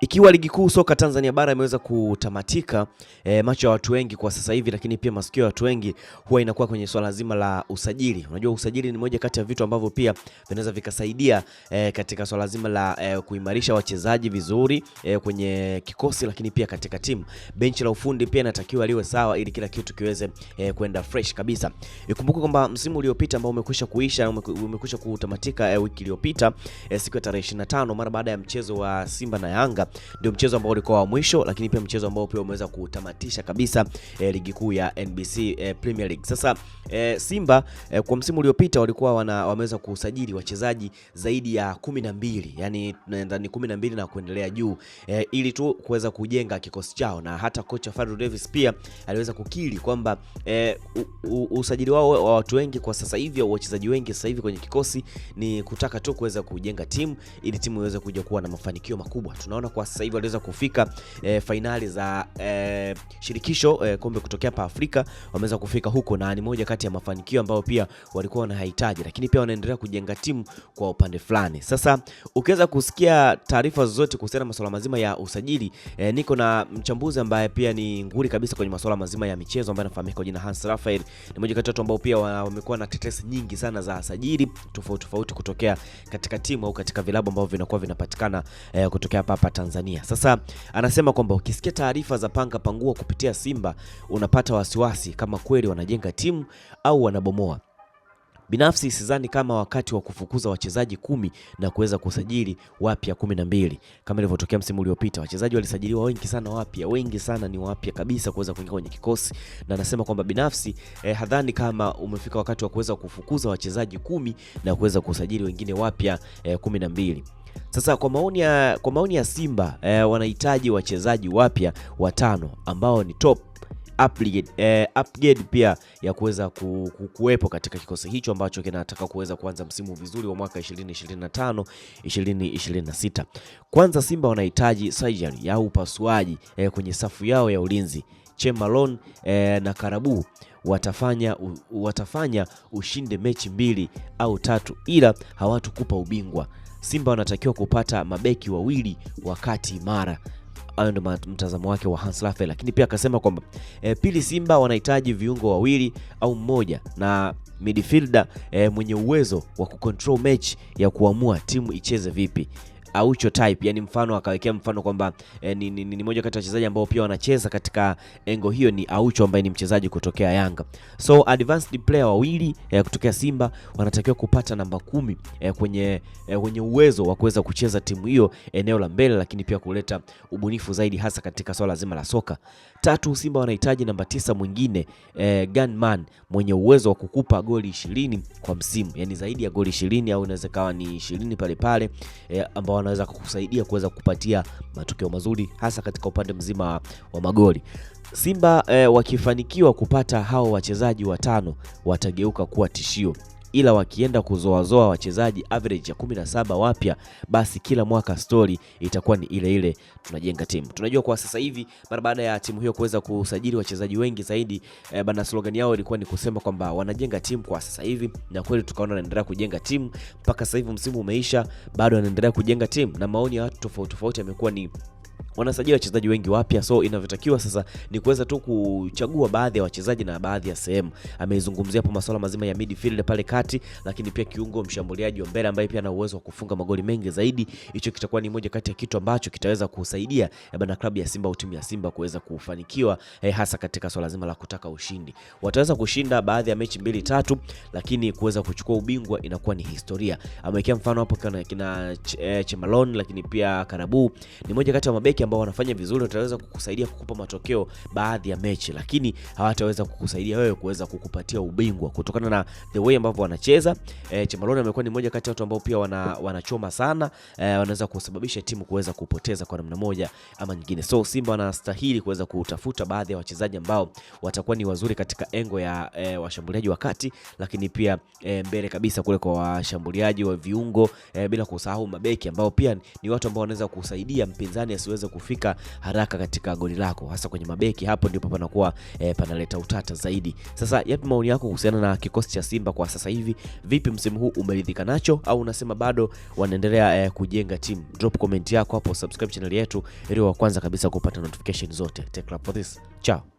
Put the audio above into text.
Ikiwa ligi kuu soka Tanzania bara imeweza kutamatika, e, macho ya watu wengi kwa sasa hivi, lakini pia masikio ya watu wengi huwa inakuwa kwenye swala zima la usajili. Unajua, usajili ni moja kati ya vitu ambavyo pia vinaweza vikasaidia e, katika swala zima la e, kuimarisha wachezaji vizuri e, kwenye kikosi, lakini pia katika timu. Benchi la ufundi pia inatakiwa liwe sawa ili kila kitu kiweze e, kwenda fresh kabisa. Ikumbuke kwamba msimu uliopita ambao umekwisha kuisha, umekwisha kutamatika e, wiki iliyopita e, siku ya tarehe 25 mara baada ya mchezo wa Simba na Yanga ndio mchezo ambao ulikuwa wa mwisho, lakini pia mchezo ambao pia umeweza kutamatisha kabisa eh, ligi kuu ya NBC eh, Premier League. Sasa eh, Simba eh, kwa msimu uliopita walikuwa wana, wameweza kusajili wachezaji zaidi ya kumi na mbili yani ni kumi na mbili na kuendelea juu eh, ili tu kuweza kujenga kikosi chao, na hata kocha Fadlu Davis pia aliweza kukiri kwamba eh, usajili wao wa watu wengi kwa sasa hivi au wachezaji wengi sasa hivi kwenye kikosi ni kutaka tu kuweza kujenga timu ili timu iweze kuja kuwa na mafanikio makubwa. Tunaona kwa sasa hivi waliweza kufika e, eh, fainali za e, shirikisho e, kombe kutokea pa Afrika wameweza kufika huko, na ni moja kati ya mafanikio ambayo pia walikuwa wanahitaji, lakini pia wanaendelea kujenga timu kwa upande fulani. Sasa ukiweza kusikia taarifa zote kuhusiana na masuala mazima ya usajili e, niko na mchambuzi ambaye pia ni nguri kabisa kwenye masuala mazima ya michezo ambaye anafahamika kwa jina Hans Rafael. Ni moja kati ya watu ambao pia wamekuwa na tetesi nyingi sana za sajili tofauti tofauti kutokea katika timu au katika vilabu ambavyo vinakuwa vinapatikana e, kutokea hapa hapa Tanzania. Sasa anasema kwamba ukisikia taarifa za panga pangua kupitia Simba unapata wasiwasi kama kweli wanajenga timu au wanabomoa. Binafsi sidhani kama wakati wa kufukuza wachezaji kumi na kuweza kusajili wapya kumi na mbili kama ilivyotokea msimu uliopita. Wachezaji walisajiliwa wengi sana wapya, wengi sana ni wapya kabisa kuweza kuingia kwenye kikosi, na anasema kwamba binafsi eh, hadhani kama umefika wakati wa kuweza kufukuza wachezaji kumi na kuweza kusajili wengine wapya eh, kumi na mbili. Sasa kwa maoni ya, kwa maoni ya Simba eh, wanahitaji wachezaji wapya watano ambao ni top upgrade, eh, upgrade pia ya kuweza kuwepo katika kikosi hicho ambacho kinataka kuweza kuanza msimu vizuri wa mwaka 2025 2026. Kwanza Simba wanahitaji surgery ya upasuaji eh, kwenye safu yao ya ulinzi Chemalon e, na Karabu watafanya, watafanya ushinde mechi mbili au tatu, ila hawatukupa ubingwa. Simba wanatakiwa kupata mabeki wawili wakati imara. Hayo ndio mtazamo wake wa Hans Raphael, lakini pia akasema kwamba e, pili, Simba wanahitaji viungo wawili au mmoja na midfielder e, mwenye uwezo wa kucontrol mechi ya kuamua timu icheze vipi. Aucho type, yani mfano akawekea mfano kwamba e, ni, ni, ni moja kati ya wachezaji ambao pia wanacheza katika engo hiyo ni Aucho ambaye ni mchezaji kutokea Yanga. So advanced player wawili e, kutokea Simba wanatakiwa kupata namba kumi e, kwenye, e, kwenye uwezo wa kuweza kucheza timu hiyo eneo la mbele, lakini pia kuleta ubunifu zaidi hasa katika swala zima la soka. Tatu, Simba wanahitaji namba tisa mwingine e, gunman mwenye uwezo wa kukupa goli ishirini kwa msimu, yani zaidi ya goli ishirini au inaweza kawa ni ishirini pale pale e, ambao wanaweza kukusaidia kuweza kupatia matokeo mazuri hasa katika upande mzima wa magoli. Simba eh, wakifanikiwa kupata hao wachezaji watano watageuka kuwa tishio ila wakienda kuzoazoa wachezaji average ya 17 wapya, basi kila mwaka stori itakuwa ni ile ile, tunajenga timu. Tunajua kwa sasa hivi mara baada ya timu hiyo kuweza kusajili wachezaji wengi zaidi e, bana slogan yao ilikuwa ni kusema kwamba wanajenga timu kwa sasa hivi, na kweli tukaona wanaendelea kujenga timu mpaka sasa hivi, msimu umeisha, bado wanaendelea kujenga timu, na maoni ya watu tofauti tofauti yamekuwa ni wanasajili wachezaji wengi wapya, so inavyotakiwa sasa ni kuweza tu kuchagua baadhi ya wachezaji na baadhi ya sehemu. Ameizungumzia hapo masuala mazima ya midfield pale kati, lakini pia kiungo, mshambuliaji wa mbele ambaye pia ana uwezo wa kufunga magoli mengi zaidi. Hicho kitakuwa ni moja kati ya kitu ambacho kitaweza kusaidia eh, bana klabu ya Simba au timu ya Simba kuweza kufanikiwa eh, hasa katika swala zima la kutaka ushindi. Wataweza kushinda baadhi ya mechi mbili tatu, lakini kuweza kuchukua ubingwa inakuwa ni historia. Amewekea mfano hapo kina, kina ch, eh, Chemalon lakini pia Karabu ni moja kati ya mabeki ambao wanafanya vizuri wataweza kukusaidia kukupa matokeo baadhi ya mechi, lakini hawataweza kukusaidia wewe kuweza kukupatia ubingwa kutokana na the way ambavyo wanacheza. E, eh, Chemaloni amekuwa ni mmoja kati ya watu ambao pia wana, wanachoma sana e, wanaweza kusababisha timu kuweza kupoteza kwa namna moja ama nyingine. So Simba wanastahili kuweza kutafuta baadhi ya wachezaji ambao watakuwa ni wazuri katika engo ya e, washambuliaji wa kati, lakini pia e, mbele kabisa kule kwa washambuliaji wa viungo e, bila kusahau mabeki ambao pia ni watu ambao wanaweza kusaidia mpinzani asiweze kufika haraka katika goli lako, hasa kwenye mabeki. Hapo ndipo panakuwa e, panaleta utata zaidi. Sasa yapi maoni yako kuhusiana na kikosi cha Simba kwa sasa hivi? Vipi msimu huu, umeridhika nacho au unasema bado wanaendelea e, kujenga timu? Drop comment yako hapo, subscribe channel yetu ili wa kwanza kabisa kupata notification zote. Take care for this. Ciao.